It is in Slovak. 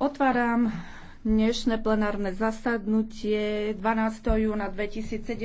Otváram dnešné plenárne zasadnutie 12. júna 2017.